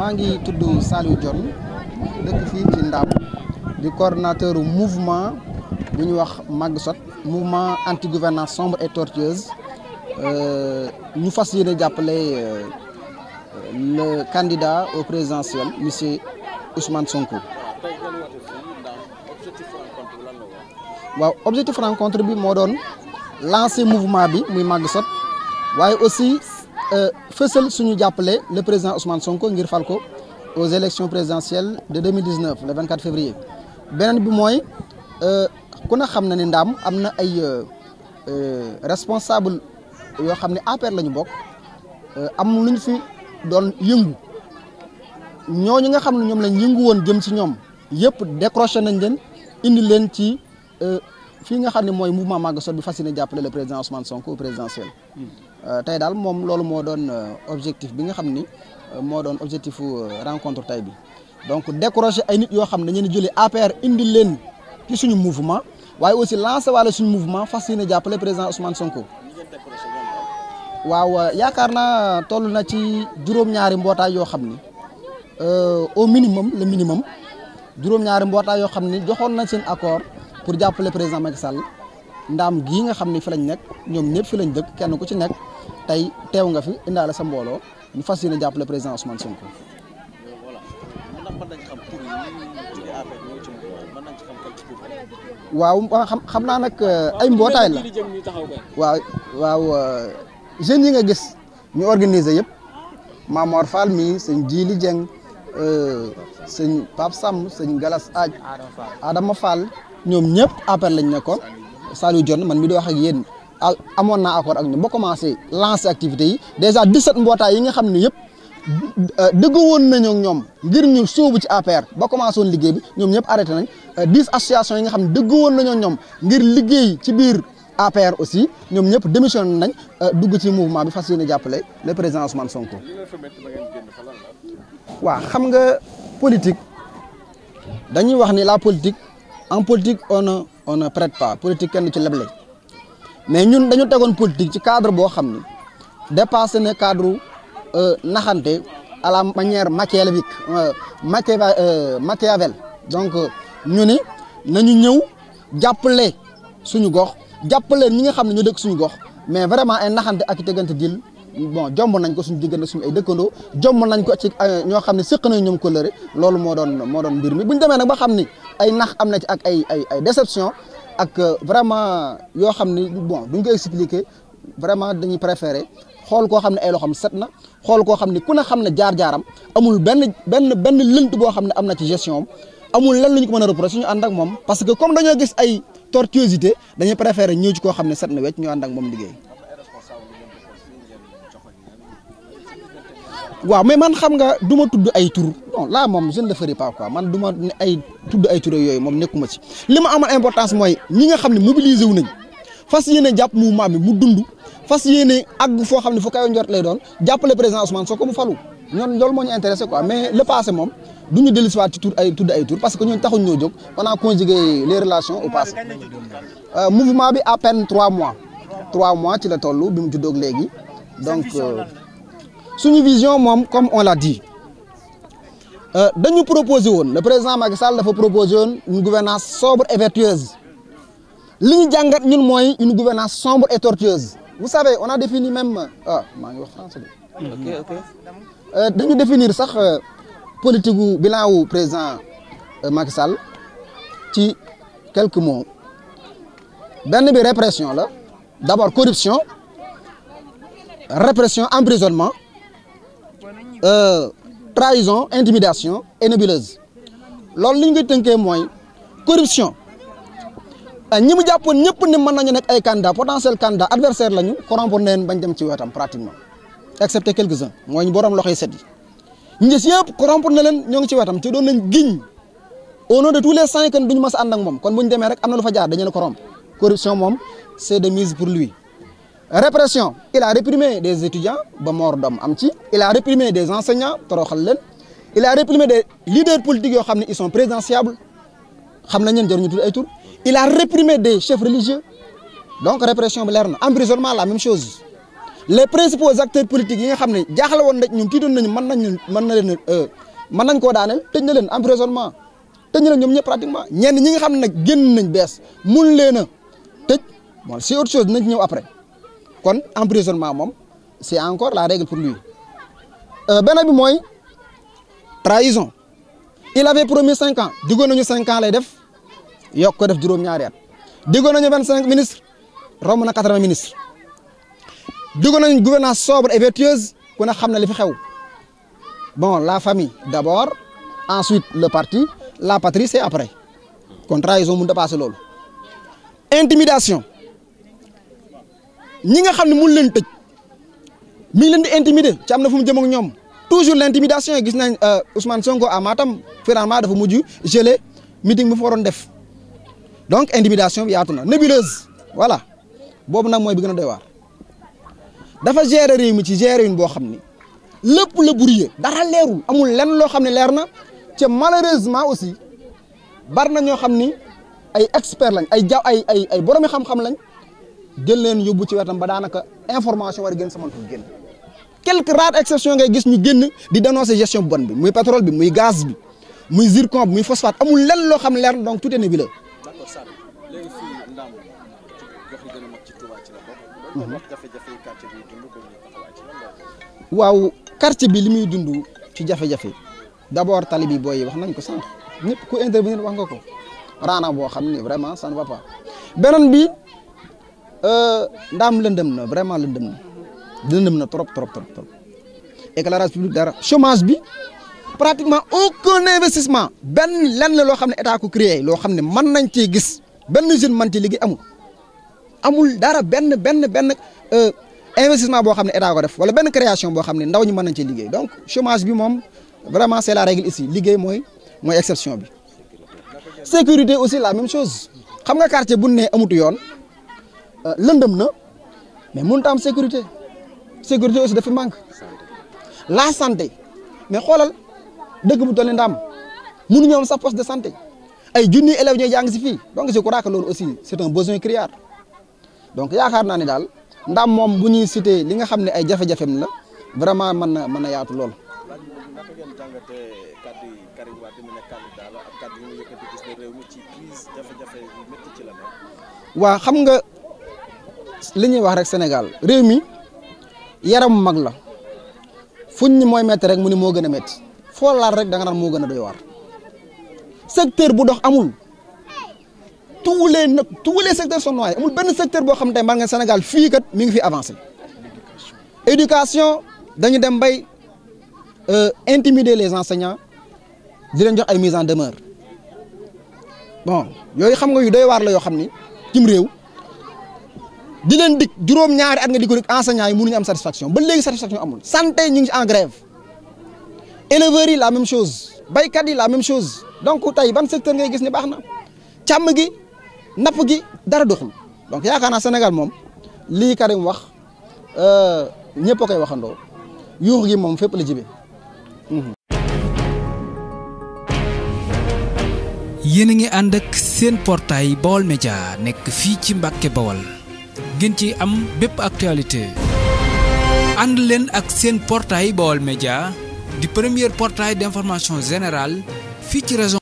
maa ngi tudd Saliou Dione dëkk fii ci Ndaam di coordonnateur mouvement bu ñu wax Magsot mouvement anti gouvernance sombre et tortueuse euh, ñu fas yéene jàppale euh, le candidat au présidentiel monsieur Ousmane Sonko. waaw objectif rencontre bi moo doon lancer mouvement bi muy Magsot waaye aussi. Euh, fësal suñu jàppale le président Ousmane Sonko ngir fal ko aux élections présidentielles de 2019 le 24 février beneen bi mooy euh, ku ne xam na ne ndaam am na ay euh, responsable yoo xam ne APR la ñu bokk am lu ñu fi doon yëngu ñu nga xam ne ñoom lañ yëngu woon jëm ci ñoom yëpp décroché nañ leen indi leen ci fii nga xam ne mooy mouvement Magal Sope bi fas yéene jàppale le président Ousmane Sonko présidentiel hmm. Euh, tey daal moom loolu moo doon euh, objectif bi nga xam ni euh, moo doon objectifu rencontre tey bi donc décrocher ay nit yoo xam ne dañu leen jëlee APR indi leen ci suñu mouvement waaye aussi lancer waale suñu mouvement fas yéene jàppale président Ousmane Sonko. waaw yaakaar na toll na ci juróom-ñaari mbootaay yoo xam ni au minimum le minimum juróom-ñaari mbootaay yoo xam ni joxoon nañ seen accord pour jàppale président Macky Sall ndaam gii nga xam ni fi lañ nekk ñoom ñëpp fi lañ dëkk kenn ku ci nekk. tey teew nga fi indaale sa mbooloo ñu fas yéene jàppale président Ousmane Sonko. waaw xam naa nag euh, ay mbootaay la waaw waaw euh, jeunes yi nga gis ñu organiser yëpp Mamor Fall mi sëñ Jili Dieng euh, sëñ Pape Sam sëñ Galas Aaj Adama Fall ñoom ñëpp appel lañ nekkoon Saliou Dione man mi di wax ak yéen. amoon na accord ak ñoom ba commencé lancer activités yi déjà 17 mbootaay yi nga xam ne yëpp euh, dëggoo woon nañoo ñoom ngir ñu sóobu ci APR ba commencé woon liggéey bi ñoom ñëpp arrêté nañ 10 euh, associations yi nga xam ne dëggoo woon nañoo ñoom ngir liggéey ci biir APR aussi ñoom ñëpp démissionné nañ euh, dugg ci mouvement bi fas yéene jàppale le président Ousmane Sonko. waaw xam nga politique dañuy wax ni la politique en politique on ne on ne prête pas kenn ci leble. mais ñun dañu tegoon politique ci cadre boo xam ni dépassé na cadre euh, naxante à la manière machiavélique euh, euh, Machiavel donc ñu ni nañu ñëw le suñu gox jàppale ñi nga xam ne ñu dëkk suñu gox mais vraiment ay naxante ak i tegante dil bon jomb nañ ko suñ diggante suñu ay dëkkandoo jomb nañ ko ci ñoo xam ne sëq nañ ñoom ko lëre loolu moo doon moo doon mbir mi bu ñu demee nag ba xam ni ay nax am na ci ak ay ay ay déception ak euh, vraiment yoo xam ne bon duñ ko expliquer vraiment dañuy préférer xool koo xam ne ay loxoom set na xool koo xam ne ku ne xam ne jaar-jaaram amul benn benn benn lënt boo xam ne am na ci gestion amul lenn lu ko mën a reprocher ñu ànd moom parce que comme dañoo gis ay tortuosité dañuy préférer ñëw ci xam ne set na wecc ñu ànd ak moom liggéey. waaw mais man xam nga du ma tudd ay tur bon là moom je ne le ferai pas quoi man du ma ay tudd ay tur yooyu moom nekkuma ci li ma amal importance mooy ñi nga xam ne mobiliser wu nañ fas yéene jàpp mouvement bi mu dund fas yéene àgg foo xam ne fu kayo njort lay doon jàppale président Ousmane Sonko mu falu ñoon loolu moo ñu intéressé quoi mais le passé moom du ñu dellusiwaat ci tur ay tudd ay tur parce que ñooñu taxuñ ñoo jóg on a conjugué les relations au passé euh, mouvement bi à peine trois mois trois mois ci la toll bi mu juddoog léegi donc euh, suñu vision moom comme on l'a dit euh, dañu proposé woon le président Macky Sall dafa proposé woon une gouvernance sobre et vertueuse li ñu jàngat ñun mooy une gouvernance sombre et tortueuse vous savez on a défini même euh, ah maa ngi wax français ok euh, dañu définir sax politique gu bilan wu président Macky Sall ci quelques mots benn bi répression la d'abord corruption répression emprisonnement Euh, trahison intimidation et nébuleuse loolu li ñu koy tënkee mooy corruption euh, ñi mu jàppoon ñëpp ne mën nañu nekk ay candidat potentiel candidat adversaire lañu corrompre na leen bañ dem ci wetam pratiquement excepté quelques-uns mooy ñu borom loxoy set yi ñi des yëpp corrompre ñoo ngi ci wetam te doon nañ giñ au nom de tous les cinq duñu mas a ànd ak moom kon bu ñu demee rek am na lu fa jaar dañu leen corrompre corruption moom c'est de mise pour lui répression il a réprimé des étudiants ba mort d'homme am ci il a réprimé des enseignants toroxal leen il a réprimé des leaders politiques yoo xam ne ils sont présidentiables xam nañ leen jaruñu tudd ay tur il a réprimé des chefs religieux donc répression bi leer na emprisonnement la même chose les principaux acteurs politiques yi nga xam ne jaaxle woon nañ ñun tiitoon nañu mën nañ mën na leen euh, mën nañ koo daaneel tëj na leen emprisonnement tëj na leen ñoom ñëpp pratiquement ñenn ñi nga xam ne nag génn nañ bees mun leen a tëj bon c'est autre chose dinañ ñëw après kon emprisonnement moom c' est encore la règle pour lui euh, beneen bi mooy trahison il avait promis cinq ans diggoon nañu cinq ans lay def yokk ko def juróom-ñaari at diggoon nañu vingt cinq ministre romb na quatre-vingts ministres diggoon nañu gouvernance sobre et vertueuse ku ne xam na li fi xew bon la famille d' abord ensuite le partie la patrie c' après kon trahison mun a passé loolu intimidation. ñi nga xam ne mun leen tëj mi leen di intimider ci am na fu mu jëm ak ñoom toujours l' intimidation gis nañ euh, Ousmane Sonko à Matam finalement dafa mujj gelé meeting bu fa waroon def donc intimidation bi yaatu na nébuleuse voilà boobu nag mooy bi gën a doy waar dafa gérer réew mi ci gérer boo xam ni lépp la brouillé dara leerul amul lenn loo xam ne leer na te malheureusement aussi bari na ñoo xam ni ay experts lañ ay ja ay ay ay boromi xam-xam lañ. jël leen yóbbu ci wetam ba daanaka information war a génn sama ko génn quelques rares exceptions ngay gis ñu génn di dénoncer gestion bonne bi muy pétrole bi muy gaz bi muy zircon bi muy phosphate amul lenn loo xam leer donc tout est nébuleux. d'accord Sall léegi fii Ndam gox a mag ci Touba ci la jafe-jafe quartier bi waaw quartier bi li muy dund ci jafe-jafe d'abord tali bi booy wax nañ ko sànq ñëpp ku intervenir wax nga ko raana boo xam ne vraiment ça ne beneen bi. Euh, ndaam lëndëm na vraiment lëndëm na lëndëm na trop trop trop trop éclairage public dara chômage bi pratiquement aucun investissement benn lenn loo xam ne état ko créé loo xam ne mën nañ cee gis benn jeune mën ci liggéey amul amul dara benn benn benn euh, investissement boo xam ne état ko def wala benn création boo xam ne ndaw ñi mën nañ cee liggéey donc chômage bi moom vraiment c'est la règle ici liggéey mooy mooy exception bi sécurité aussi la même chose xam nga quartier bu ne amutu yoon Euh, lëndëm na mais mun taam sécurité sécurité aussi dafa manque laa santé mais xoolal dëkk bu toll ni Ndam mënuñu am sax poste de santé ay junni élèves ñooy jàng si fii donc je crois que loolu aussi c' est un besoin criard donc yaakaar naa ne daal ndaam moom bu ñuy cité li nga xam ne ay jafe-jafem la vraiment mën na mën na yaatu lool. waa xam nga li ñuy wax rek Sénégal réew mi yaram mu mag la fuñ ni mooy métti rek mu ni moo gën a métti foo laal rek da nga naan moo gën a doy waar secteur bu dox amul tous lee nag tous les secteurs sont noyés amul benn secteur boo xam tey mën nga Sénégal fii kat mi ngi fi avancé éducation dañu dem bay euh, intimider les enseignants di leen jox ay mise en demeure bon yooyu xam nga yu doy waar la yoo xam ni cim réew. di leen dig juróom-ñaari at nga di ko dig enseignants yi mu mënuñu am satisfaction ba léegi satisfaction amul santé ñu ngi ci en grève la même chose baykat yi la même chose donc tey ban secteur ngay gis ni baax na càmm gi napp gi dara doxul donc yaakaar naa Sénégal moom lii Karim wax euh, ñëpp koy waxandoo yuux gi moom fépp la jibe yéen a ngi ànd ak seen portail Baol Média nekk fii ci Mbàkke Bawol ngeen ci am bépp actualité ànd leen ak seen portail Baol Média di premier portail d'information générale fii ci région